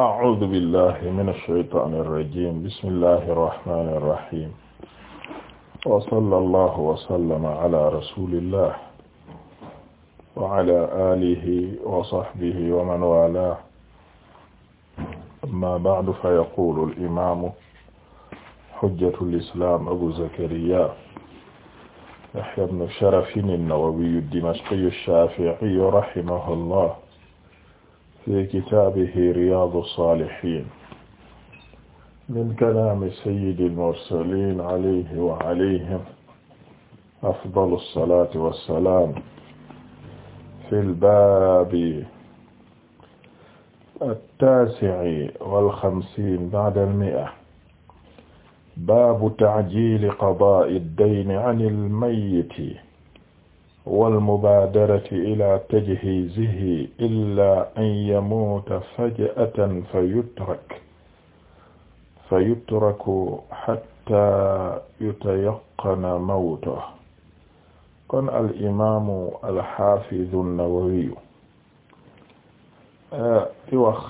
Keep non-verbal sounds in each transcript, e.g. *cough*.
أعوذ بالله من الشيطان الرجيم بسم الله الرحمن الرحيم وصلى الله وسلم على رسول الله وعلى آله وصحبه ومن والاه أما بعد فيقول الإمام حجة الإسلام أبو زكريا يحيى بن شرف النووي الدمشقي الشافعي رحمه الله fi kitaabihi riyaadu saalihiin min kalaami sayyidil mursaliin alayhi wa alayhim afdalu salaati wa salaam fil baabi at-taasi'i wal xamsiin ba'dal mi'a baabu ta'jiili qadaa'i ad-dayni 'anil mayyiti walmubaadarati ilaa tajhiizihi illaa an yamuuta faja'atan fa yutrak fa yutraku xattaa yutayaqqana mawtahu kon al imaamu alxaafidu nnawawiyu eh, di wax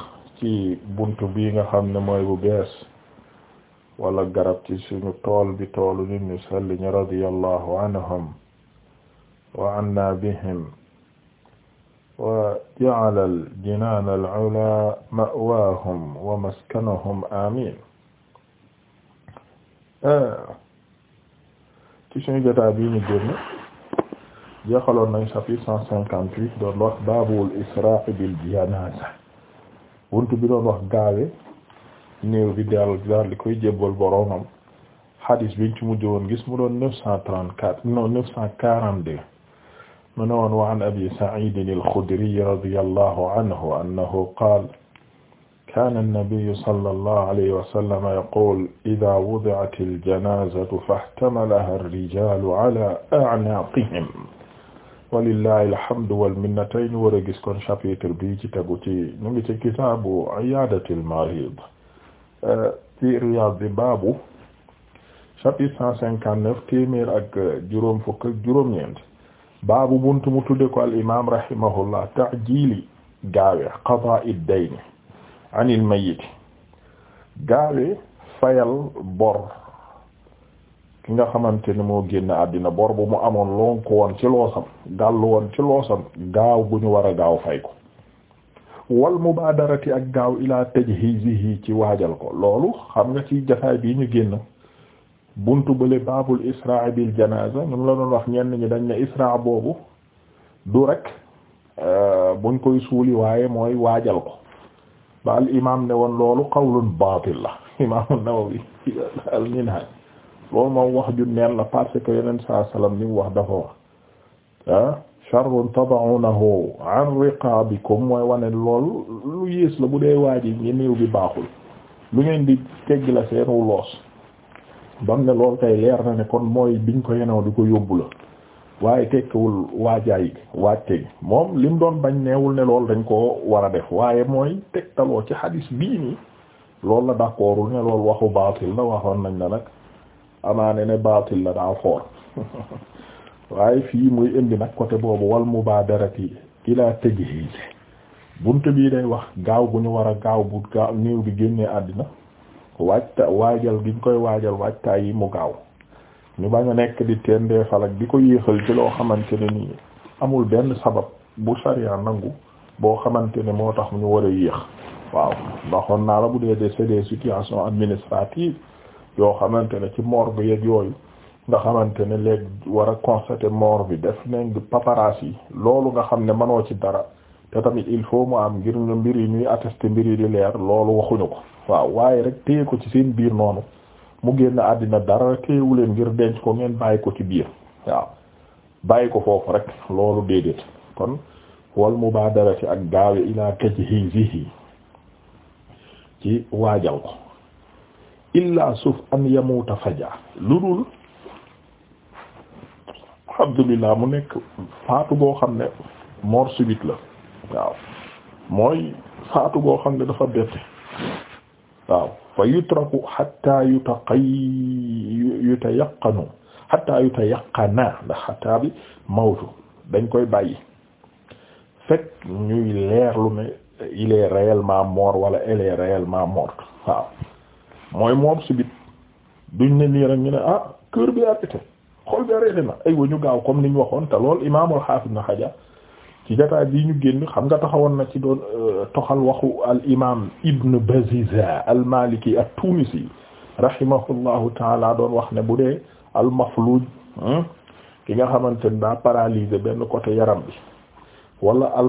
ci buntu bii nga xam ne mooy bu bees wala garab ci suñu tool bi toolu nit ñu sell ñi radiyallahu anhum وعنا بهم وجعل الجنان العلا مأواهم ومسكنهم آمين ci suñu jotaay bi ñu génn jeexaloon nañ chapitre cent cinquante-huit doon wax baabul israa bil janaaza bunt bi doon wax gaawe néew bi daal daal li koy jébbal boroomam xadiis biñ gis mu doon neuf cent trente-quatre non neuf cent quarante-deux mu ne woon wa an abi saciidin al-xudri radiyallahu anhu annahu qaala kaana an-nabiyyu sallallahu alayhi wa sallam yaquulu idaa wudi'ati al-janaazatu fahtamalahaa ar-rijaalu alaa a'naaqihim walillahi alhamdu wal minna tey ñu war a gis kon chapitre bi ci tegu ci ñu ngi ci kitaabu iyaadatil mariid ci Riyaad bi baabu chapitre cent cinquante neuf téeméer ak juróom fukk ak juróom-ñeent baabu buntu mu tudde ko al imam rahimahullah ta'jili gaawe qada'i dayni anil mayyit gaawe fayal bor ki nga xamante ne moo génn àddina bor bu mu amoon lonk woon ci loosam gàllu woon ci loosam gaaw gu ñu war a gaaw fay ko wal mubaadarati ak gaaw ila tajhizihi ci waajal ko loolu xam nga ci jafaay bii ñu génn buntu bële baabul israa bil janaza ñun la doon wax ñenn ñi dañ ne israa boobu du rek euh, buñ koy suuli waaye mooy waajal ko ba al imaam ne woon loolu qawlun baatil la *laughs* imaamu Nawawi al minhaj loolu moom wax ju neen la parce que yeneen saa salaam ni wax dafa wax ah sharrun tada'unahu an riqaabikum mooy wane loolu lu yées la bu dee waaj yi néew bi baaxul lu ngeen di tegg la seen loos bam ne lool kay leer na ne kon mooy biñ ko yenoo di ko yóbbu la waaye tekkiwul waajaay gi waajte gi moom lim doon bañ neewul ne loolu dañ koo war a def waaye mooy tegtaloo ci xadis bii nii loolu la d'accordul ne loolu waxu baatil la waxoon nañ la nag amaane ne baatil la daa foor *laughs* waaye fii muy indi nag côté boobu wal mubaadarati ila tajhiiz bunt bii day wax gaaw bu ñu war a gaaw bu gaaw néew bi génnee àddina waajta waajal gi ñu koy waajal waajtaay yi mu gaaw ñu bañ a nekk di tendee falak di ko yéexal ci loo xamante ne nii amul benn sabab bu sariya nangu boo xamante ne moo tax ñu war a yéex waaw ndaxoon naa la bu dee des c'est situation situations administratives yoo xamante ne ci mort bi yeeg yooyu nga xamante ne léegi war a constater mort bi def nañ paparazzi yi loolu nga xam ne mënoo ci dara te tamit il faut mu am ngir ñu mbir yi ñuy attester mbir yi di leer loolu waxuñu ko waaw waaye rek téye ko ci seen biir noonu mu génn àddina dara téyewu leen ngir denc ko ngeen bàyyi ko ci biir waaw bàyyi ko foofu rek loolu déedéet kon wal mubaadarati ak gaawe ilaa tajhiizihi ci waajal ko illaa suuf an yamuuta faja lu dul alhamdulillah mu nekk faatu goo xam ne mort subite la waaw mooy faatu goo xam ne dafa bette waaw fa yutraku hatta yu yutayaqanu hatta yutayaqana ndax hatta bi mawtu dañ koy bàyyi fekk ñuy lu ne il est réellement mort wala elle est réellement morte waaw mooy moom subit duñ ne nii rek ñu ne ah cœur bi arrêté xol bi arrêté na aywa ñu gaaw comme ni ñu waxoon te lool imaamul haafid na xaja ci jotaay bii ñu génn xam nga taxawoon na ci doon euh, toxal waxu al imaam Ibn Baziza al Maliki at-Tunisi doon wax ne bu dee al mafluuj hmm, ki nga xamante ne daa paralysé benn côté yaram bi wala al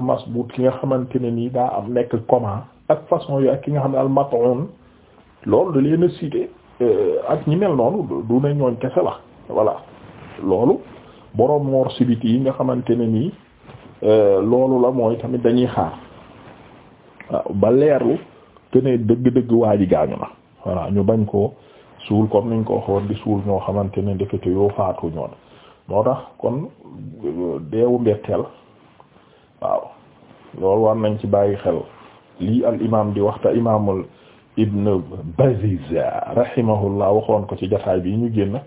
ki nga xamante ne nii daa am nekk coma ak façon yi ak ki nga xam ne al mat'un loolu leen a cité euh, ak ñi mel noonu du ne ñooñ kese la voilà loolu borom morsibiti yi nga xamante ne nii. Euh, loolu la mooy tamit dañuy xaar waaw ba leerlu te ne dëgg-dëgg waa ji gaañu na voilà ñu bañ koo suul comme niñ ko waxoon di suul ñoo xamante ne ndekete yoo faatu ñoon moo tax kon deewu mbetteel waaw loolu war nañ ci bàyyi xel lii al imaam di waxta imaamul ibn Baziza rahimahullah waxoon ko ci jataay bi ñu génn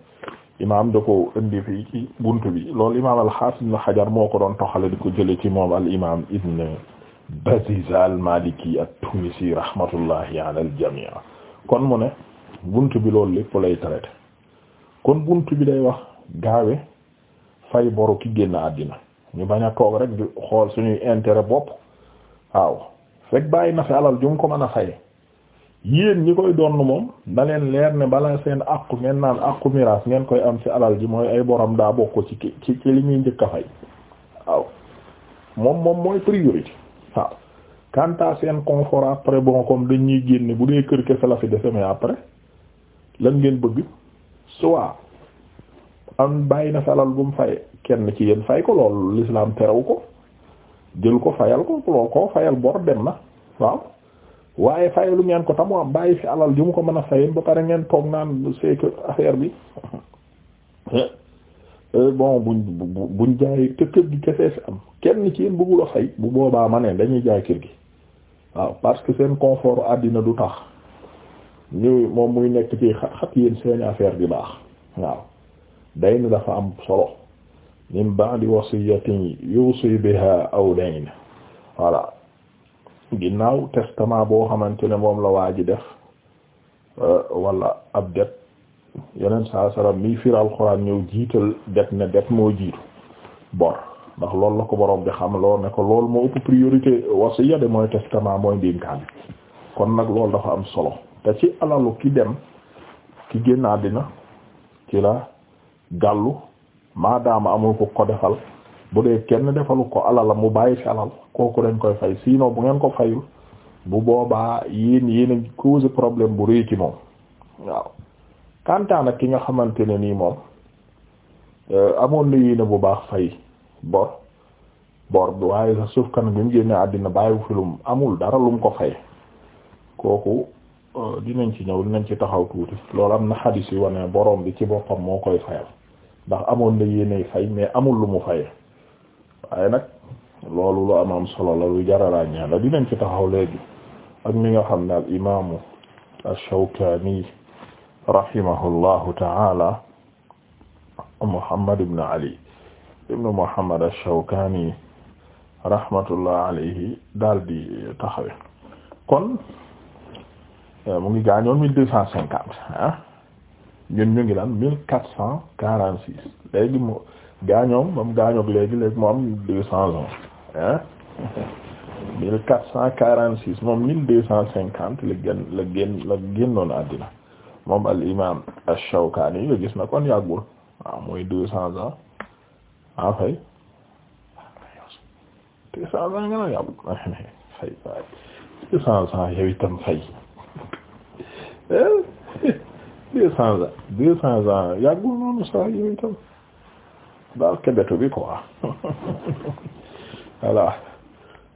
imaam da ko indi fii ci buntu bi loolu imaam al-Hasan ibn Hajar moo ko doon toxale di ko jële ci moom al imaam ibn Baziza al-Maliki at-Tunisi rahmatullahi ala al-jamii kon mu ne bunt bi lool lépp lay traité kon bunt bi day wax gaawe fay boru ki génn àddina ñu bañ a toog rek di xool suñuy intérêt bopp waaw fekk bàyyi na fi alal ju ko mën a faye yéen ñi koy donn moom na leen leer ne balaa seen àqu ngeen naan àqu miraas ngeen koy am ci alal ji mooy ay borom daa bokk ci ci ci li ñuy njëkk a fay waaw moom moom mooy priorité waaw quant à seen confort après bon comme dañuy génne bu dee kër kese la fi defe mais après lan ngeen bëgg soit am bàyyi na fi alal bu mu fay kenn ci yéen fay ko lool l'islam terew ko jël ko fayal ko lool ko fayal bor na waaw waaye lu ngeen ko tamu am bàyyi fi alal ju mu ko mën a fayen ba pare ngeen toog naan c'est que affaire bi *laughs* euh, bon bu buñ jaay te kër gi kese fi am kenn ci yéen bëggul a fay bu boobaa ma ne dañuy jaay kër gi waaw parce que seen confort àddina du tax ñu moom muy nekk ci xat-xat yéen seen affaire bi baax waaw dayn dafa am solo min ba'di wasiyatin yusi biha aw dayn voilà ginnaaw testament boo xamante ne moom la waa ji def euh, wala ab det yeneen saa salaam miy firi alxuraan ñëw jiital det ne det moo jiitu bor ndax loolu la ko borom bi xam lool ne ko lool moo ëpp priorité wasiya de mooy testament mooy ndénkaan kon nag loolu dafa am solo te ci alalu ki dem ki génn àddina ki la gàllu maadaama amul ko ko defal bu dee kenn defalu ko alala mu bàyyi fi alal kooku dañ koy fay sinon bu ngeen ko fayul bu boobaa yii yii a cause problème bu rëy ci moom waaw kantaan ak ki nga xamante ne nii moom euh, amoon na yéene bu baax fay bor bor bi waaye sa suuf kan bi àddina bàyyiwu fi lum amul dara lum ko fay kooku euh, dinañ ci ñëw dinañ ci taxaw tuuti loolu am na xadis yu wane borom bi ci boppam moo koy fayal ndax amoon na yéeney fay mais amul lu mu fayee waaye nag loolu lu am solo la lu jaralaa ñaan la dinañ ci taxaw léegi ak mi nga xam ne al imaamu ash-Shawkaani rahimahullahu ta'ala Muhammad ibn Ali ibn Muhammad ash-Shawkaani rahmatullah alayhi daal di taxawe kon eh, mu ngi gaañoon mille deux cent cinquante ah ñun ngi lan mille quatre gaañoom moom gaañoog léegi léegi mu am deux cent ans ah *laughs* mille quatre six moom mille deux cent cinquante la génn la génn moom al imam ash-Shawkani yi nga na kon yàggul waaw mooy deux cent ans en ah, fait deux cent ans nga na yàggul *laughs* fay waay deux cent ans yow itam fay *laughs* deux daal kebetu bi quoi voilà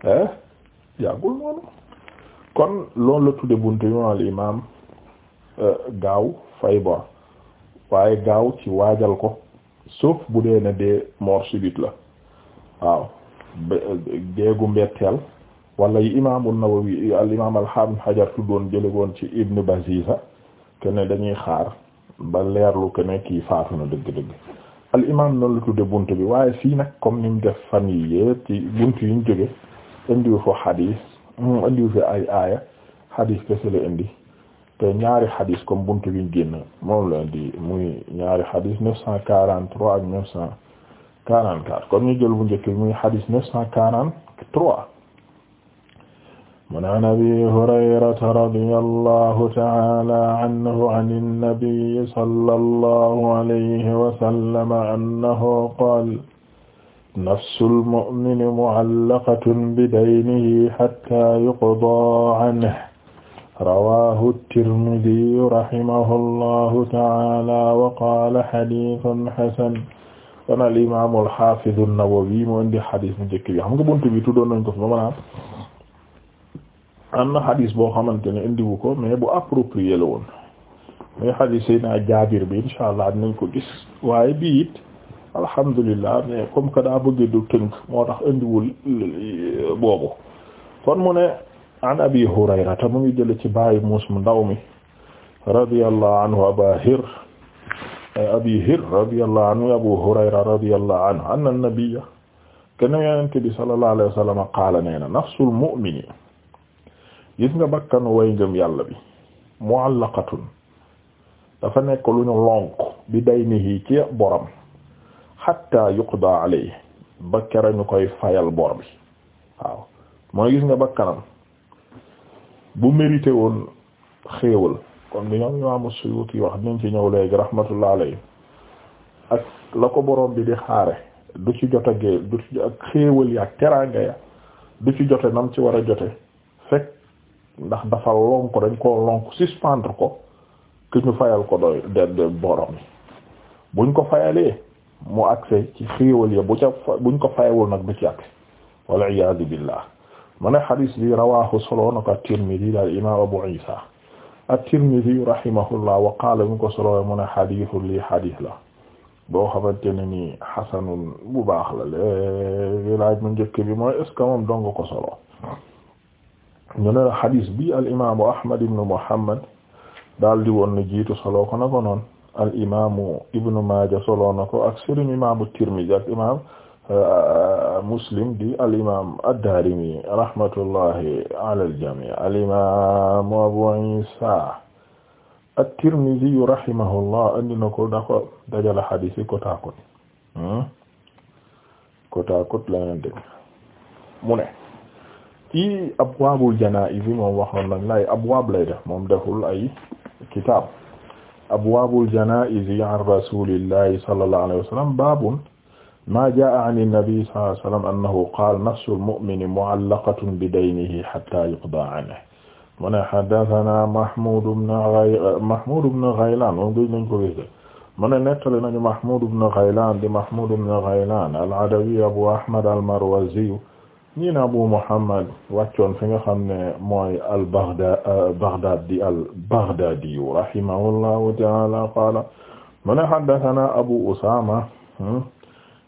eh yàggul noonu kon loolu la tudde buntu bi al imaam eh, gaaw fay bor waaye gaaw ci waajal ko sauf bu dee ne dee mort la waaw deegu mbetteel wala yi imaamu Nawawi al imaam al haam Hajar tuddoon jëlegoon ci Ibn Baziza kene dañuy xaar ba leerlu kene kii faatu na dëgg-dëgg al imam noonu la tudde bunt bi waaye fii nag comme ni mu def fan yi yëpp ci bunt yi ñu jóge indiwu fo xadis indiwu fi ay aaya xadis kese la indi te ñaari xadis comme bunt bi ñu génn moom la indi muy ñaari xadis neuf cent quarante-trois ak neuf cent quarante-quatre kon ñu jël bu njëkk bi muy xadis neuf cent quarante-trois mun an abi hurayrata radiyallahu ta'ala anhu an annabiyi sallallahu alayhi wa sallam annahu qaala nafsul mu'mini mu'allaqatun bidaynihi hattaa yuqdaa canhu rawaahu tirmidi rahimahullahu ta'ala wa qaala hadiisun hasan kon al imaamul haafidu nawawi moo indi hadiis mu njëkk bi xam nga buntu bi tuddoon nañ ko fi ba am na xadis boo xamante ne indiwu ko mais bu approprié la woon mais xadis jaabir bi insha allah dinañ ko gis waaye bii it alhamdulillah mais comme que daa bëgg du moo tax indiwul boobu kon mu ne an abi mu ngi jële ci bàyyi muus mu ndaw mi radiyallahu anhu aba hir abi hir radiyallahu anhu abu hurayra radiyallahu anhu anna nabiyya kana yonent bi sallallahu alayhi wa sallam qaala na nafsul mu'mini gis nga bakkan way ngëm yàlla bi mu'allaqatun dafa nekk lu ñu lonk bi daynihi ci borom hatta yuqda alayhi ba kera ñu koy fayal bor bi waaw mooy gis nga bakkanam bu mérité woon xéewal comme li ñoom imaamu Suyuti wax dinañ ci ñëw léegi rahmatullah alayhi ak la ko borom bi di xaare du ci jot a géej du ci ak xéewal ya ak ya du ci jote nam ci war a jote ndax dafa lonk dañ koo lonk suspendre ko ki ñu fayal ko doy de borom buñ ko fayalee mu accès ci xéewal ya bu ca buñ ko fayawul nag du ci accès wal iyaadu billah mu ne xadis bi rawaahu solo na ko at-Tirmidhi daal imaam Abu Isa at-Tirmidhi rahimahullah wa qaala mu ko solo mu ne xadisu lii xadis la boo xamante ne nii xasanun bu baax la léegi laaj mu njëkk bi mooy est ce moom dong ko solo. ñu ne la xadis bi al imaamu Ahmad ibn Muhammad daal di woon na jiitu solo ko na al imaamu Ibn Maaja solo na ko ak sëriñ imaamu Tirmidi ak imaam uh, Muslim di al imaam ad-Daarimi rahmatullahi al jamii Abu Iisa at-Tirmidi rahimahullah ko da ko dajale xadis yi côte ci abwaabul janaa'iz moom waxoon nañ lay abwaab lay def moom deful ay kitaab abwaabul janaa'iz an rasuulillahi sallallahu alayhi wa sallam baabun maa jaa'a ani nabi sallallahu alayhi wa sallam annahu qaala nafsul mu'mini mu'allaqatun bi daynihi hattaa yuqdaa anhu mu ne haddasanaa Mahmoud ibn Ghaylaan Mahmoud ibn Ghaylaan moom gëj nañ ko gis mu ne nettali nañu Mahmoud ibn Ghaylaan di Mahmoud ibn Ghaylaan al-Adawi Abu Ahmad al-Marwazi ñii na Abu Muhammad wàccoon fi nga xam ne mooy al euh, Baghdad Baghdadi al Baghdadi rahimahullahu ta'ala qaala mu ne haddathana Abu Usama hmm,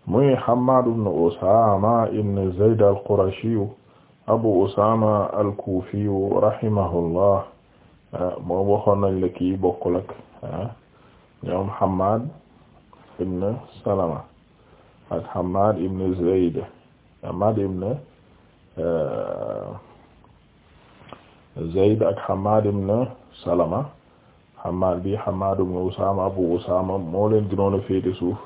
muy Hammad ibn Usama ibn Zayd al Qurashi Abu Usama al Kufi rahimahullah euh, moo waxoon nañ la kii bokkul ak ñoom Hammad ibn Salama ak Hammad ibn Zayd Hammad ibn Euh, Zayd ak Hammad ibn Salama Hammad bi Hammad ibn Usaama Abu Usaama moo leen gënoon a suuf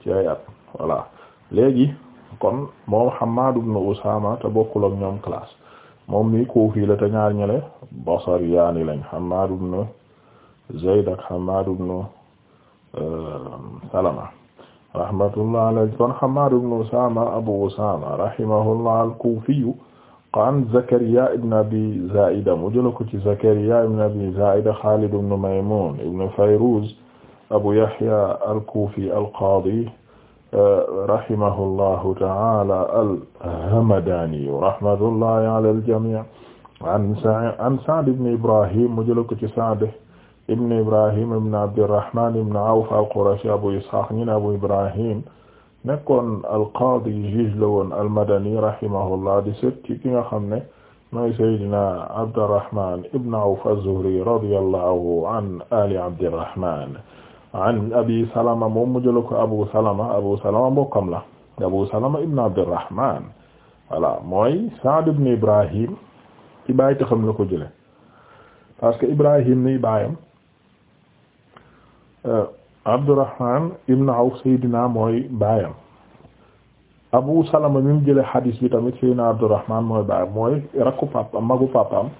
ci at voilà léegi kon moom Hammad ibn Usaama te bokkul ak ñoom classe moom mi Kuufi la te ñaar ñele Basriyaani lañ Hammad ibn Zayd ak Hammad ibn euh, Salama rahmatullah alayhi kon Hammad ibn Usama Abu Usama rahimahullah al-Kufi an Zakariya ibn Abi Zaida mu jëla ko ci Zakariya ibn Abi Zaida Khalid ibn Maymun ibn Fayruz Abu Yahya al-Kufi al-Qadi rahimahullahu ta'ala al-Hamadani rahmatullahi ala al-jami' an Sa'd ibn Ibrahim mu jëla ko ci Sa'd ibn Ibrahim ibn Abdirrahman ibn Awf al-Qurashi Abu Ishaq ñi ne Abu Ibrahim nekkoon al-qaadi juge la woon al-Madani rahimahullah di sët ci ki nga xam ne mooy Seydina Abdirrahman ibn Awf az-Zuhri radiyallahu an ali Abdirrahman an Abi Salama moom mu jël ko Abu Salama Abu Salama mbokkam la Abu Salama ibn Abdirrahman voilà mooy Sa'd ibn Ibrahim ci bàyyi te xam la ko jële parce que Ibrahim ni baayam Euh, Abdurrahman ibn Awf Seydina mooy baayam Abu Salama mu jëlee hadis bi tamit Seydina Abdurrahman mooy baayam mooy rakku papaam magu papaam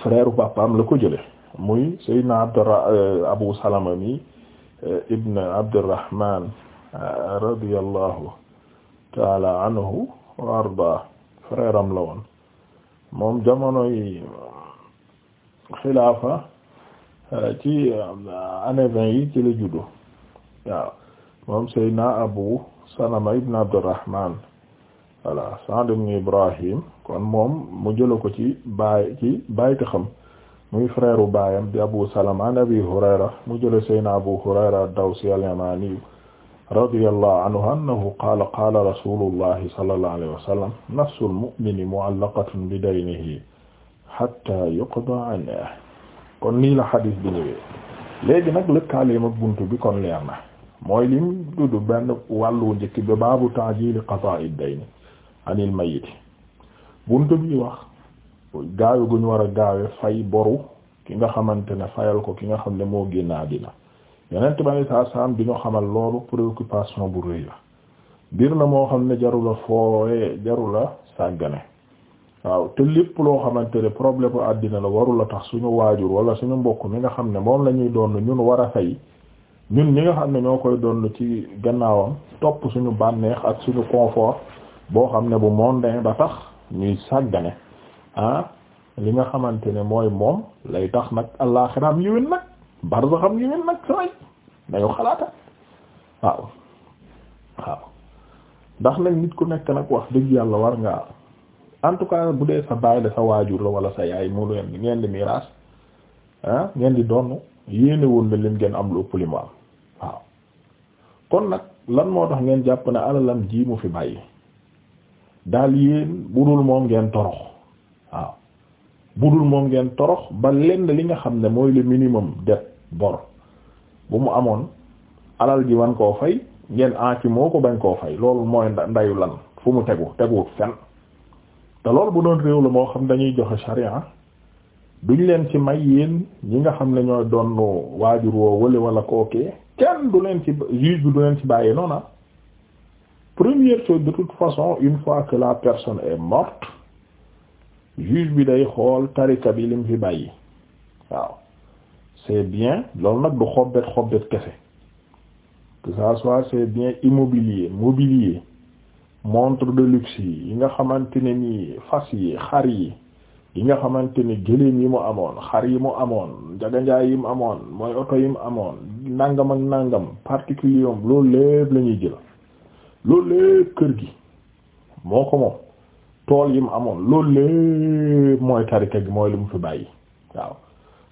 frère papaam la ko jëlee muy Seydina Abdurra euh, Abu Salama mi euh, ibn Abdurrahman radiyallahu taala anhu wa arda frère am la moom jamonoy xilaafa Euh, ci euh, année vingt yi ci la juddu waaw moom Seydina Abu Salama ibn Abdurrahman voilà Sa'd ibn Ibrahim kon moom mu jëla ko ci baay ci baayta xam muy frère u baayam di Abu Salama an Abi Hurayra mu jëla Seydina Abu Hurayra ad-Dawsi al-Yamani radiyallahu anhu annahu qaala qaala rasulullahi sallallahu alayhi wa sallam nafsul mu'mini mu'allaqatun bidaynihi hatta yuqda anhu kon nii la xadis bi ñëwee léegi nag lëkkaaleem ak bunt bi kon leer na mooy lim dudd benn wàllu njëkk bi baabu ta'jil qada'i dayn anil mayit bunt bi wax gaawe guñ war a gaawe fay boru ki nga xamante ne fayal ko ki nga xam ne moo génn àddina yenent bani saa saam di ñu xamal loolu préoccupation bu rëy la mbir la moo xam ne jarula foowe jarula sàggane waaw te lépp loo xamante ne problème bu àddina la warul la tax suñu waajur wala suñu mbokk mi nga xam ne moom la ñuy doon ñun war a fay ñun ñi nga xam ne ñoo koy doon ci gannaawam topp suñu bànneex ak suñu confort boo xam ne bu mondain ba tax ñuy sàggane ah li nga xamante ne mooy moom lay tax nag àllaaxiraam yiwén nag barzaxam yiwén nag saray dañu xalaata waaw waaw ndax nag nit ku nekk nag wax dëgg yàlla war ngaa en tout cas bu dee sa baay la sa waajur la wala sa yaay mu leen ngeen di miraas ah, ngeen di donn yéene woon na leen ngeen am lu ëpp li mu am waaw kon nag lan moo tax ngeen jàpp ne alalam ji mu fi bàyyi daal yéen budul moom ngeen torox waaw budul moom ngeen torox ba lenn li nga xam ne mooy le minimum det bor bu mu amoon alal ji wan koo fay ngeen enci moo ko bañ koo fay loolu mooy ndayu lan fu mu tegu teguwut fen te loolu bu doon réew la moo xam dañuy joxe sharia duñ leen ci may yéen ñi nga xam ne ñoo doon waajur woo wële wala kookee kenn du leen ci juge bi du leen ci bàyyee noona ah. première chose de toute façon une fois que la personne est morte juge bi day xool tarika bi lim fi bàyyi waaw c'est bien loolu nag du xobbet xobbet kese que ça soit c'est bien immobilier mobilier montre de luxe yi nga xamante ne nii fas yi xar yi yi nga xamante ne gëléem yi mu amoon xar yi mu amoon jaganjaay yi mu amoon mooy oto yi mu amoon nangam ak nangam particulier am loolu lépp la jël loolu lépp kër gi moo ko moom tool yi mu amoon loolu lépp mooy tarika gi mooy lu mu fi bàyyi waaw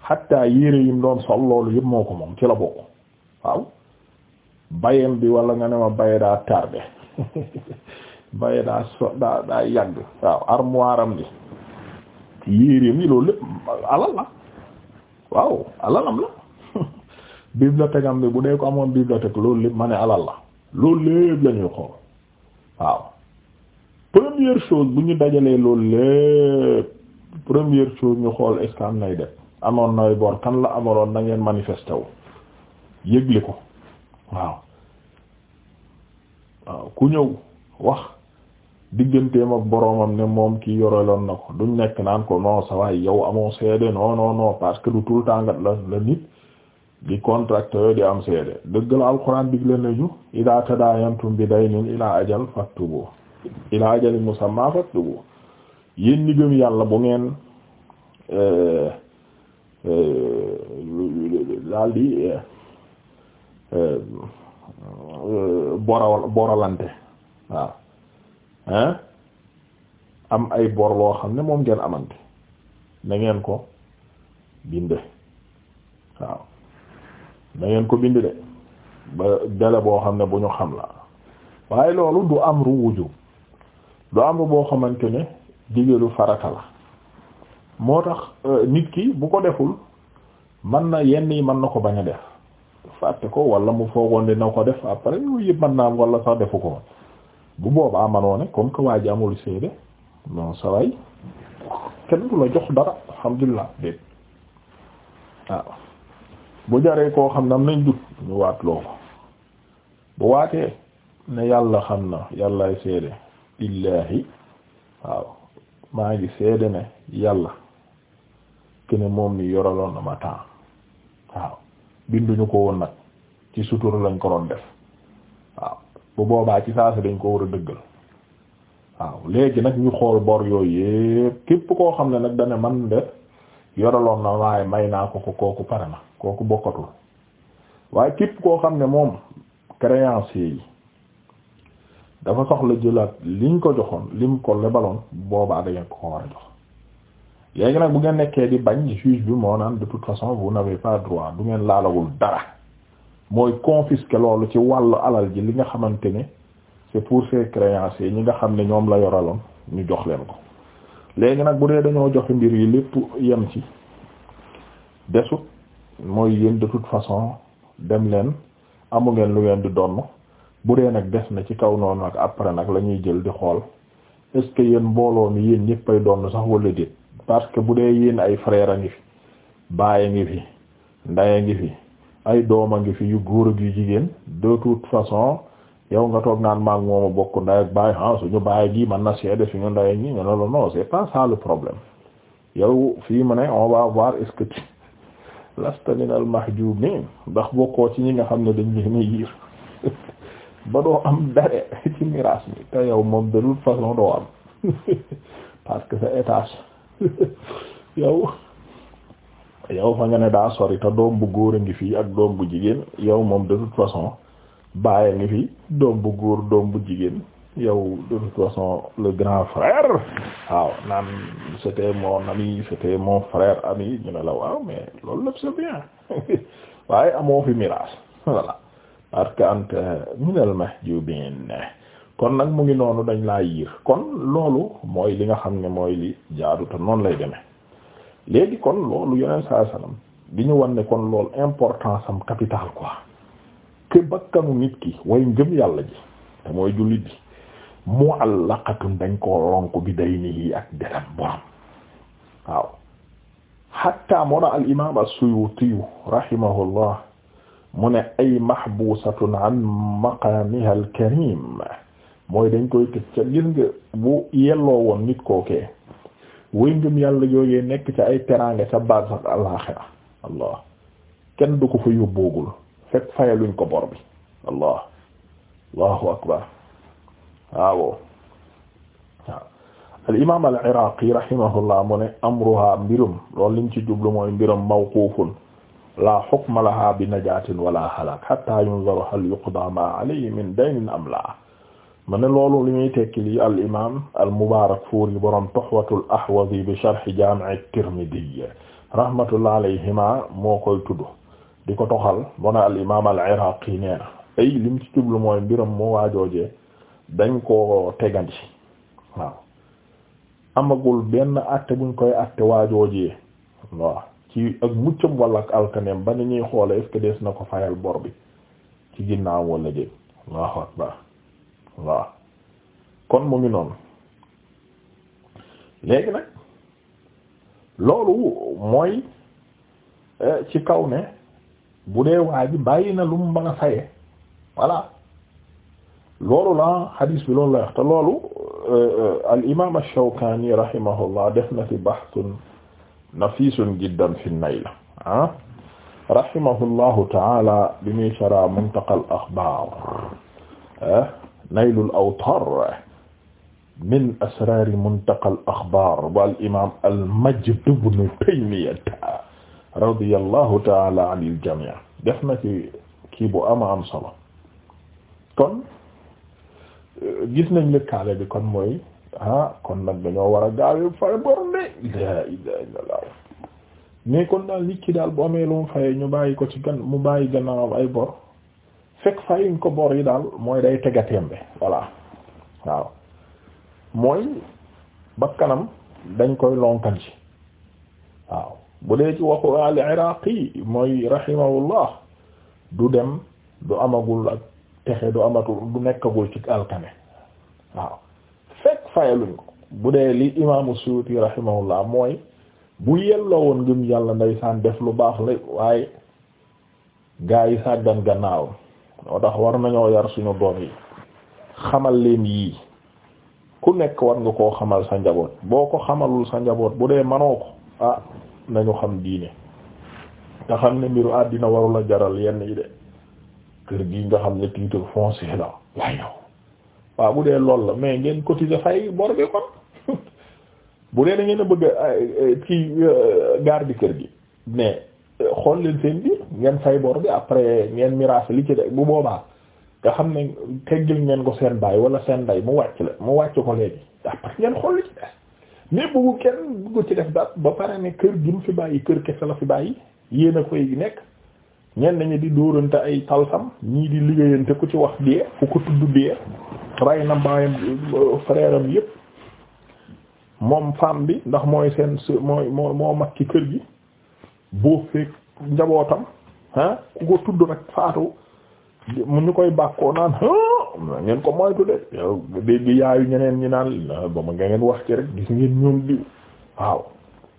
xatta yére yi mu doon sol loolu yëpp moo ko moom ci la bokk waaw bayem bi wala nga ne ma baye daa tardé *laughs* baye daa so daa daa yàgg waaw armoire am bi yéeréem loolu lépp alal la waaw alalam la *laughs* bibliothèque bi bu dee ko amoon bibliothèque loolu lépp ma ne alal la loolu lépp la xool waaw première chose bu ñu dajalee loolu lépp première chose ñu xool est-ce que am nay def amoon nay bor kan la amaloon na ngeen manifesté wu yëgle ko waaw waaw ku ñëw wax digganteem ak boroomam ne moom kii yoreloon na ko duñ nekk naan ko non ça va yow amoo seede non non parce que du tout le temps la nit di contracteur di am seede dëgg la alxuraan dig leen nañu idaa tadaayantum bi daynin ilaa ajal faktubu ilaa ajalin musammaa faktubu yéen ñi yàlla bu ngeen daal Euh, bora boralante waaw hein am ay bor loo xam ne moom ngeen amante nangeen ko binde waaw na ngeen ko binde de ba boo xam ne bu ñu xam la waaye loolu du amru wujub du amru boo xamante ne digalu farata la moo tax euh, nit ki bu ko deful mën na yenn yi mën na ko bañ a def fàtte ko wala mu foogoon dina ko def après yooyu yëpp mën naa am wala sax defu ko woon bu boobaa manoo comme que waa amul seede non saway kenn du la jox dara alhamdulilah déet waaw bu jaree koo xam ne am nañ dut ñu waat loo ko bu waatee ne yàlla xam na yàllaay seede billaahi waaw maa ngi seede ne yàlla kene moom ni yoraloon na ma waaw binduñu ko woon nag ci sutura lañ ko doon def waaw bu boobaa ci saa si dañ ko war a dëggal waaw léegi nag ñu xool bor yooyu yépp koo xam ne nag dane man de yoraloon na waaye may naa ko ko kooku pare na kooku bokkatul waaye képp koo xam ne moom créancier yi dafa soxla jëlaat liñ ko joxoon lim ko lebaloon boobaa da ngeen ko war a jox léegi nag bu ngeen nekkee di bañ juge bi moo naan de toute façon vous n'avez pas droit du ngeen laalagul dara mooy confisquer loolu ci wàllu alal ji li nga xamante ne c'est pour ces créanciers ñi nga xam ne ñoom la yoraloon ñu jox leen ko léegi nag bu dee dañoo joxe mbir yi lépp yem ci desut mooy yéen de toute façon dem leen amu ngeen lu ngeen di donn bu dee nag des na ci kaw noonu ak après nag la ñuy jël di xool est-ce que yéen mbooloo mi yéen ñëppay donn sax wala déet parce que bu dee yéen ay frère a ngi fi baay ngi fi nday a ngi fi ay doom a ngi fi yu góor ak yu jigéen de toute façon yow nga toog naan maag mooma bokk nday ak baay ah suñu baay gi man na seede suñu nday a ñi nga ne la non c'est pas problème yow fii mu ne on va voir est-ce que tu *laughs* lasta min al mahjubin ndax bokkoo ci ñi nga xam ne dañ leen a yiir *laughs* ba doo am dare *laughs* ci miraas mi te yow moom de toute façon doo am parce que sa étage *laughs* yow yow fa nga ne daa sori te doom bu góor a ngi fii ak doom bu jigéen yow moom de toute façon bàyyi ngi fi doom bu góor doom bu jigéen yow de toute façon le grand frère waaw naan c'était mon ami c'était mon frère ami ñu ne la waaw mais loolu lépp c'est bien *laughs* waaye amoo fi miraas *laughs* voilà parce que anta minal mahdubin kon nag mu ngi noonu dañ laa yiir kon loolu mooy li nga xam ne mooy li jaadu te noonu lay demee léegi kon loolu yeneen saa salaam di ñu wan ne kon loolu importance am capital quoi ke bakkanu nit ki way ngëm yàlla ji te mooy jullit bi mu allaqatun dañ koo lonk bi day nii ak deram borom waaw hatta moo na al imaam as-Suyuti rahimahullah mu ne ay mahbusatun an maqamiha al karim mooy dañ koy tëj ca gis nga bu yelloo woon nit kookee wëy ngëm yàlla yooyee nekk ca ay teraanga ca baat sax allah kenn du ko fa yóbboogul fekk fayaluñ ko bor bi allah akbar waawoo waaw al imaam mu ne amruha mbirum loolu liñ ci jublu mooy mbirum mawqufun la hukma laha bi najaatin wala halak hatta yunzaru hal yuqda ma alayhi min daynin am laa ma ne loolu li muy tekki li al imam al Mubarakfuri borom Tuhfatul Ahwazi bi sharh Jami' at-Tirmidhi rahmatullah alayhima moo koy tudd di ko toxal bona al imam al Iraqi nee na ay lim ci jublu mooy mbiram moo waajoojee dañ koo tegandi waaw amagul benn atte buñ koy atte waajoojee waaw ci ak muccam wala ak alkaneem ba ni ñuy xoole est des na ko fayal bor bi ci ginnaaw wala jéeg Allahu akbar waaw kon mu ngi noonu nag loolu mooy eh, ci kaw ne bu dee waa ji bàyyi na lu mu mën voilà loolu la hadis bi loolu la wax te loolu eh, eh, al imaam ash-Shawkaani rahimahullah def na fi bahthun nafiisun jiddan fi an-Nayl ah rahimahullahu taala bi muy shara Muntaqa al-Akhbaar naylul awtar min asraari muntaqal axbaar bu imaam al majd ibnu taymiyata radiyallahu taala anil jamii def na ci kii bu ama am solo kon gis nañ kaale bi kon mooy ah kon nag dañoo war a gaawe fay bor laa ilaaha illallaah mais kon daal nit ki daal bu amee lu mu fayee ñu bàyyi ko ci gan mu bàyyi gannaawam ay bor fekk fayuñ ko bor yi daal mooy day tega tembe voilà waaw mooy bakkanam dañ koy lonkan ci waaw bu dee ci waxu al iraqi mooy rahimahullah du dem du amagul ak texe du amatul du nekkagul ci alkane waaw fekk fayaluñ ko bu dee li imaamu suyuti rahimahullah mooy bu yelloo woon ngëm yàlla ndeysaan def lu baax la waaye gaa yi sàggan gannaawam moo tax war nañoo yar suñu doom yi xamal leen yii ku nekk war nga koo xamal sanjaboot boo ko xamalul sa bu dee manoo ko ah nañu xam diine te xam ne mbiru àddina warula jaral yenn yi de kër gi nga xam ne titre foncier la waaye yow bu dee lool la mais ngeen cotiser fay bor kon *laughs* bu dee da ngeen a bëgg ci euh, garde kër gi mais xool leen seen biir ngeen fay bor bi après ngeen miraas li ci de bu boobaa nga xam ne teggil ngeen ko seen baay wala seen ndey mu wàcc la mu wàcc ko léegi après ngeen xool li ci des mais bëggu kenn bëggu ci def daal ba pare ne kër gi mu fi bàyyi kër kese la fi bàyyi yéen a koy nekk ñen nañu di dóorante ay talsam ñii di liggéeyante ku ci wax dee fu ko tudd dee ray na baayam frère yépp moom femme bi ndax mooy seen mooy moo moo mag ci kër gi boo fekk njabootam ah ku ko tudd nag faatu mu ñu koy bàkkoo naan na ngeen ko moytu de yow dégg yaayu ñeneen ñi naan ah, ba ma nga ngeen wax ci rek gis ngeen ñoom diw waaw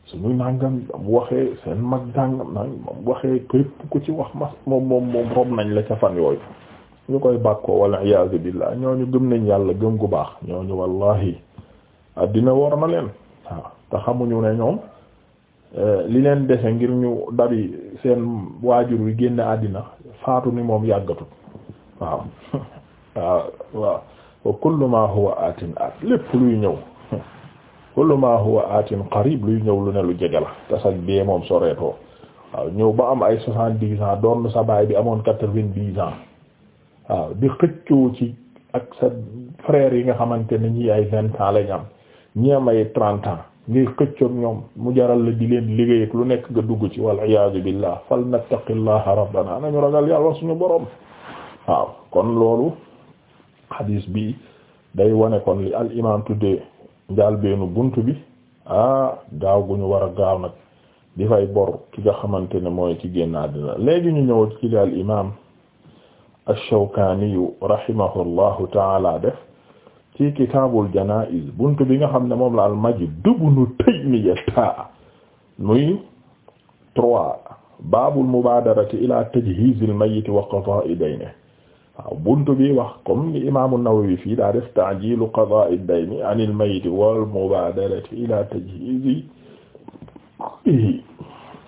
suñu nàngam am waxee seen mag dàngam nag am waxee képp ku ci wax mas moom moom rob nañ la ca fan yooyu ñu koy bàkkoo wala iyaazu ñoo ñu gëm nañ yàlla gëm gu baax ñooñu wallahi addina war na leen waaw te xamuñu ne ñoom Euh, li leen dese ngir ñu dabi seen waajur wi génn àddina faatu ni moom yàggatut waaw *laughs* waaw waaw wa huwa atin at lépp luy ñëw *laughs* kullu ma huwa atin qarib luy ñëw lu ne lu jege la te sax bee moom soreetoo waaw ñëw ba am ay soixante-dix ans doon sa baay bi amoon quatre-vingt-dix ans waaw di xëccoo ci ak sa frère yi nga xamante ne ñi ay vingt ans lañ am am ay trente ans ngay xëccoog ñoom mu jaral la di leen liggéey ak lu nekk ga dugg ci wal iyaadu billah fal nattaqillaha rabbana ñu ragal yàlla suñu boroom waaw kon loolu xadiis bi day wane kon li al imaam tuddee njaalbeenu bunt bi ah gaaw gu ñu war a gaaw nag di fay bor ki nga xamante ne mooy ci génn àddina léegi ñu ñëw ci li al imaam ash-Shawkaani rahimahullahu taala def ci kitaabul janaa'iz buntu bi nga xam ne moom la al-Majd ibnu Taymiyya muy trois baabul mubaadarati ilaa tajhiizil mayyit wa qadaa'i daynihi waaw buntu bi wax comme ni imaamu Nawawi fii daa def ta'jiilu qadaa'i dayni anil mayyit wal mubaadarati ilaa tajhiizihi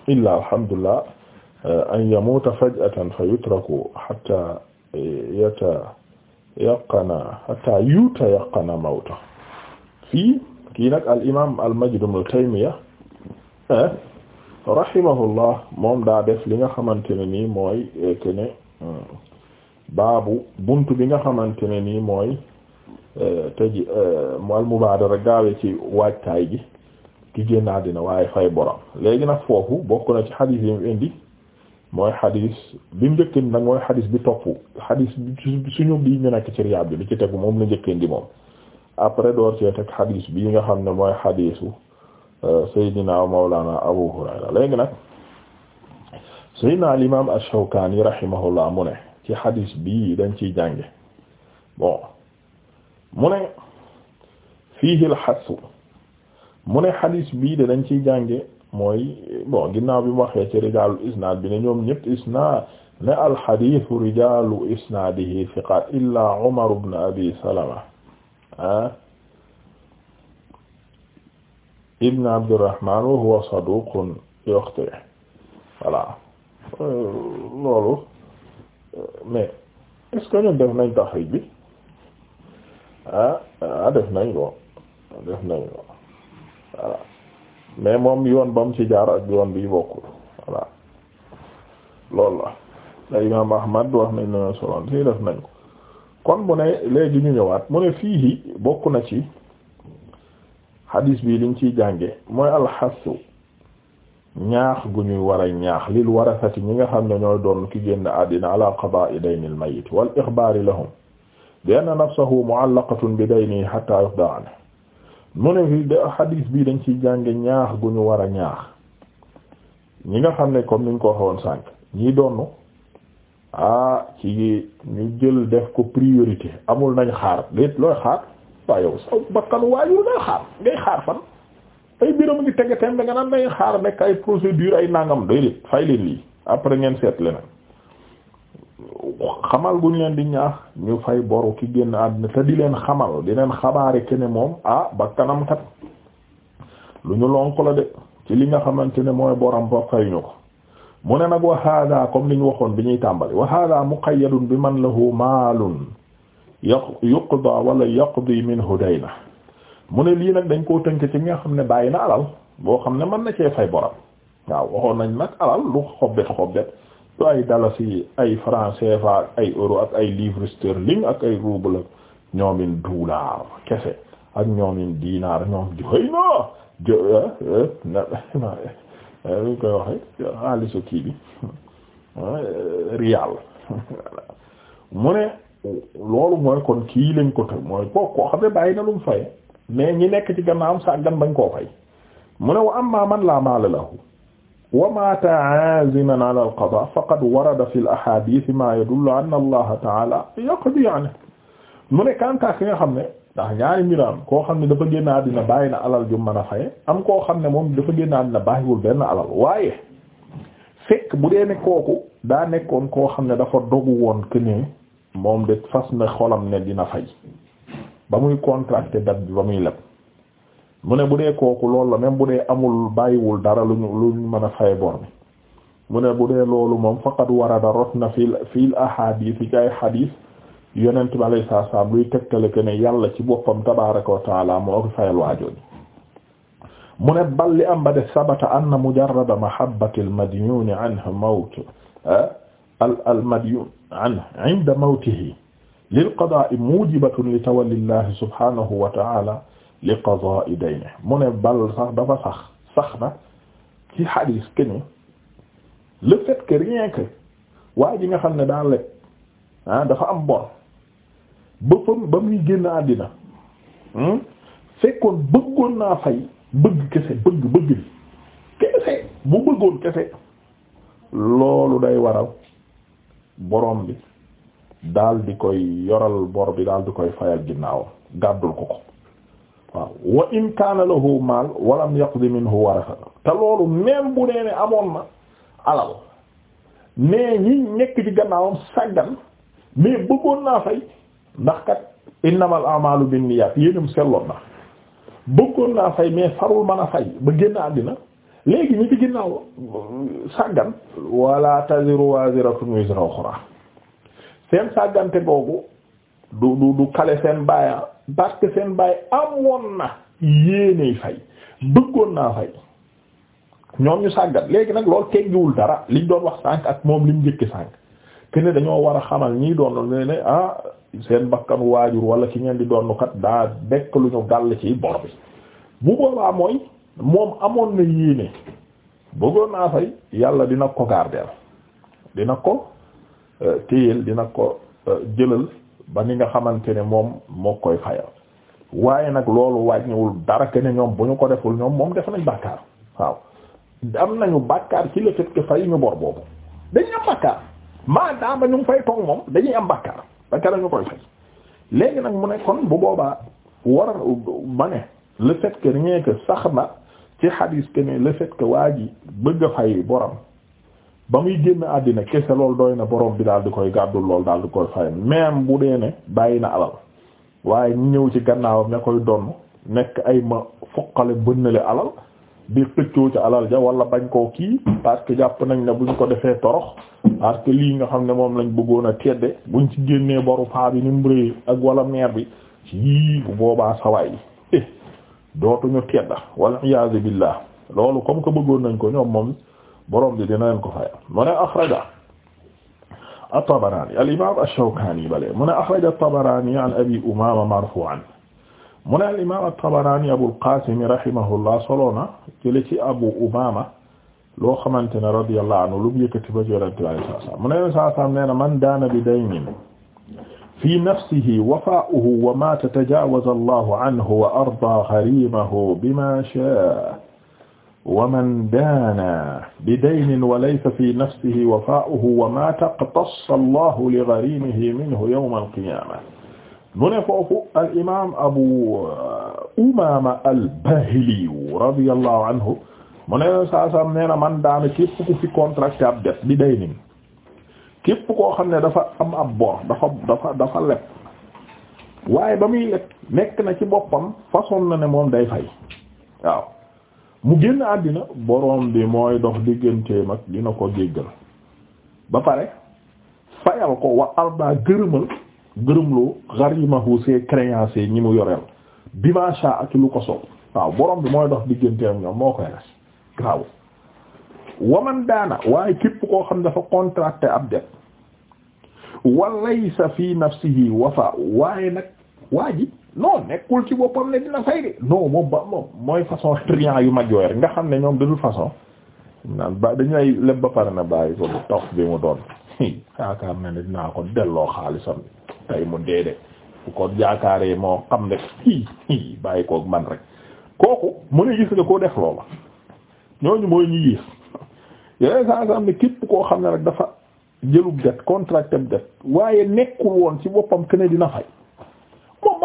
illaa alhamdulillah an yamuuta faj'atan fa yutraku hattaa yata yaqana hatta yuuta yaqana mawta fii kii nag al imaam al majd ibn Taymiyya ah, rahimahullah moom daa def li nga xamante ne nii mooy eh, que ne hmm, baabu buntu bi nga xamante ne nii mooy eh, tëj eh, al mubaadara gaawe ci waajtaay gi ki génn àddina waaye fay borom léegi nag foofu bokk na ci xadiis yi mu mooy xadis bi njëkk bi nag mooy xadis bi topp xadis bi suñu bii ñu nekk ci riyaab bi li ci tegu moom la njëkkee di moom après door cee teg xadis bii nga xam ne mooy xadisu euh, Seydina Mawlana Abu Hurayra léegi nag Seydina al imaam ash-Shawkaani rahimahullah mu ne ci xadis bi dañ ciy jànge bon mu ne fiihi al-hasu mu ne xadis bii de dañ ciy jànge mooy bon ginnaaw bi mu waxee ci isnaad bi ne ñoom ñëpp isnaad ne alxadiisu rijaalu isnaadihi siqaat illaa Umar ibn Abi Salama ah ibn Abdurrahmaan wa huwa saduuqun yuxti voilà euh, loolu mais est-ce que ñun def nañ taxriij bi ah, ah def nañ ko def mais moom yoon ba mu ci jaar ak yoon bi bokkul voilà loolu la da imam ahmad wax nañ la solon si def nañ ko kon mu ne léegi ñu ñëwaat mu ne fii bokk na ci xadiis bi liñ ciy jànge mooy alxassu ñaax gu ñuy war a ñaax lil warasati ñi nga xam ne ñooy doon ki génn àddina ala qada'i daynil mayit wal ixbaari lahum bi anna nafsahu mu'allaqatun bi daynihi hatta yufda anhu mu ne fi hadis bii dañ ciy jànge ñaax gu ñu war a ñaax ñi nga xam ne comme niñ ko waxoon sànq ñii donn ah ci ñu jël def ko priorité amul nañ xaar léet looy xaar waa yow sa bakkanu waajur ngay xaar ngay xaar fan ay biram ngi tege tembe nga naan xaar nekk ay procédure ay nangam doy déet fay lii après ngeen seetle leneen xamal guñ leen di ñaax ñu fay boru ki génn àddina te di leen xamal di leen xabaare ke ne moom ah ba kanam kat lu ñu lonk la de ci li nga xamante ne mooy boram ba fay ñu ko mu ne nag wa hada comme li ñu waxoon bi ñuy tàmbali wa hada muqayyadun bi man lahu maalun yuqda wala yaqdi minhu dayna mu ne lii nag dañ koo tënk ci nga xam ne bàyyi na alal boo xam ne mën na cee fay boram waaw waxoon nañ nag alal lu xobbet xobbet su ay si ay franc CFA ay euro ak ay livre sterling ak ay rouble ak ñoomin dollar kese ak ñoomin dinar ñoom joy na jo eh, eh, na luñ eh, koy waxe kii bi rial mu ne loolu mooy kon kii lañ ko te mooy boog koo xam ne bàyyi na lu mu fay mais ñi nekk ci gannaawam sàggan bañ koo fay mu ne wa amma man laa maala lahu wa maata aaziman ala alqada faqad warada fi l ahadithi ma yadullu anna allaha taala yaqdi anhu mu ne kantaa ki nga xam ne ndax ñaari miraam koo xam ne dafa génn àddina bàyyi na alal ju mën a faye am koo xam ne moom dafa génn àddina bàyyiwul benn alal waaye fekk bu dee ne kooku daa nekkoon koo xam ne dafa dogu woon que nii moom de fas na xolam ne dina fay ba muy contracté date bi ba muy leb mu ne bu dee kooku loolu la même bu dee amul bàyyiwul dara luñu luñ mën a fay bor bi mu ne bu dee loolu moom faqad warada rot na fi fil ahadis yi ci ay hadis yonent bi alay saa saam luy tegtale que ne yàlla ci boppam tabaaraka wa taala moo ko fayal waajooji mu ne bal li am ba def sabata anna mujarrada mahabbati almadyuni anhu mawt ah, al almadyun anhu inda mawtihi lilqadaa'i muujibatun li tawalli llahi subhanahu wa taala li qadaa'i dayni mu ne bal sax dafa sax sax na ci xadiis que ni le fait que rien que waa ji nga xam ne daa lekk ah, dafa am bor ba fa ba muy génn àddina hmm, fekkoon bëggoon naa fay bëgg kese bëgg bëgg li kese bu bëggoon kese loolu day waral borom bi daal di koy yoral bor bi daal di koy fayal ginnaaw gàddul ko ko waaw wa in kaana lahu maal walam yaqdi minhu warasa te loolu même bu nee amoon na alal mais ñi nekk ci gannaawam sàggan mais bëggoon naa fay ndax kat innamal a'malu binniyat yéenam selloon na bëggoon naa fay mais farul mën a fay ba génn àddina léegi ñi ci ginnaaw sàggan wala taziru waziratun wizra ukhra seen sàggante boobu du du du kale seen baaya parce que seen baay amoon na yéenay fay bëggoon naa fay ñoom ñu sàggat léegi nag loolu teggiwul dara liñ doon wax sànq ak moom liñ njëkki sànq ke ne dañoo war a xamal ñii doon ne ne ah seen bakkan waajur wala ki ngeen di doon kat daa bekk lu ñu gàll ci bor bu boobaa mooy moom amoon na yéene bëggoon naa fay yàlla dina ko garder dina ko euh, téyel dina ko euh, jëlal ba ni nga xamante ne moom moo koy fayal waaye nag loolu wàññiwul dara ke ne ñoom bu ñu ko deful ñoom moom def nañ bàkkaar waaw am nañu bàkkaar ci le fait que fay ñu bor boobu dañuy am bàkkaar maadaama ñu ngi fay toog moom dañuy am bàkkaar bàkkaar ñu koy fay léegi nag mu ne kon bu boobaa war ma ne le fait que rien sax na ci xadiis kë ne le fait waa ji bëgg a fay boram ba muy génn àddina kese loolu doy na borom bi daal di koy gàddul lool daal di koy fay même bu dee ne bàyyi na alal waaye ñu ñëw ci gannaawam ña koy donn nekk ay ma foqale bënnale alal di xëccoo ci alal ja wala bañ koo kii parce que jàpp nañ ne buñ ko defee torox parce que lii nga xam ne moom lañ bëggoon a bu ñu ci génnee boru paa yi ni mu rëy ak wala meer bi yii bu boobaa sawaay yi eh dootuñu tedda wal iyaazu billah loolu comme bëggoon nañ ko ñoom moom borom bi dina leen ko fayal mu ne axraja at-Tabarani al-imam ash-Shawkani bale mu ne axraja at-Tabarani an Abi Umama marfu'an mu ne al-imam at-Tabarani Abul Qasim rahimahullah soloona jële ci Abu Umama loo xamante ne radiyallahu anhu lu mu yëkkati ba ci yonente bi alayhi salaam mu ne yonente saa salaam nee na man daana bi daynin fi nafsihi wafaa'uhu wa maata tajaawaza Allahu anhu wa ardaa ghariimahu bimaa shaa'a waman daana bidaynin wa laysa fi nafsihi wafaa'uhu wa maata iqtassa Allahu li gharimihi minhu yawma al-qiyaama mu ne foofu al imaam Abu uh, Umaama al-Baahili radiyallahu anhu mu ne saa saa na man daana képp fi contracté ab dette bidaynin képp koo xam ne dafa am ab bor dafa dafa dafa leb waaye nekk na ci boppam façon na ne moom day fay waaw. mu génn àddina borom bi mooy dox digganteem ak dina ko jéggal ba pare fayal ko wa arda gërëmal gërëmloo garimahu ses créances ñi mu yoreel bi ak lu ko soob waaw borom bi mooy dox digganteem ñoom moo koy res waman daana waaye képp koo xam dafa contracté ab det wa laysa fi nafsihi wafa waaye nag waa non nekkul ci boppam ne dina fay de non moom ba moom mooy façon triant yu mag yooyu rek nga xam ne ñoom de toute façon naan ba dañu lay leb ba pare na bàyyi ko tof bi mu doon *laughs* yaakaar na ne dinaa ko delloo xaalisam tey mu dee de bu ko jaakaaree moo xam ne *laughs* bàyyi koog man rek kooku mu ne gis nga koo def loola ñooñu mooy ñu gis *laughs* yeneen saa saa am ne képp koo xam ne rek dafa jëlu det contracté bu det waaye nekkul woon ci boppam que ne dina fay.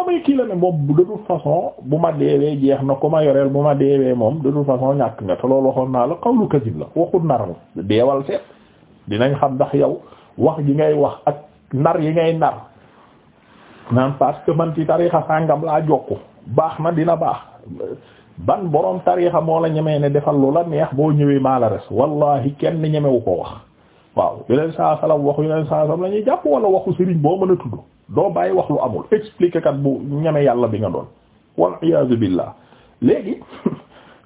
muy kii la ne moom de toute bu ma deewee jeex na ko ma yoreel bu ma deewee moom de toute ñàkk nga te loolu waxoon naa la xawlu kasib la waxul naral deewal seet dinañ xam ndax yow wax ji ngay wax ak nar yi ngay nar naan parce que man ci tarixa sàngam laa jokku baax na dina baax ban borom tarixa moo la ñemee ne defal lu la neex boo ñëwee maa la res wallahi kenn ñemewu ko wax waaw yeneen saa waxu wax yeneen saa la ñuy jàpp wala waxu sëriñ boo mën a tudd doo bàyyi wax lu amul expliqué kat bu ñeme yàlla bi nga doon wal iyaazu billah léegi *laughs*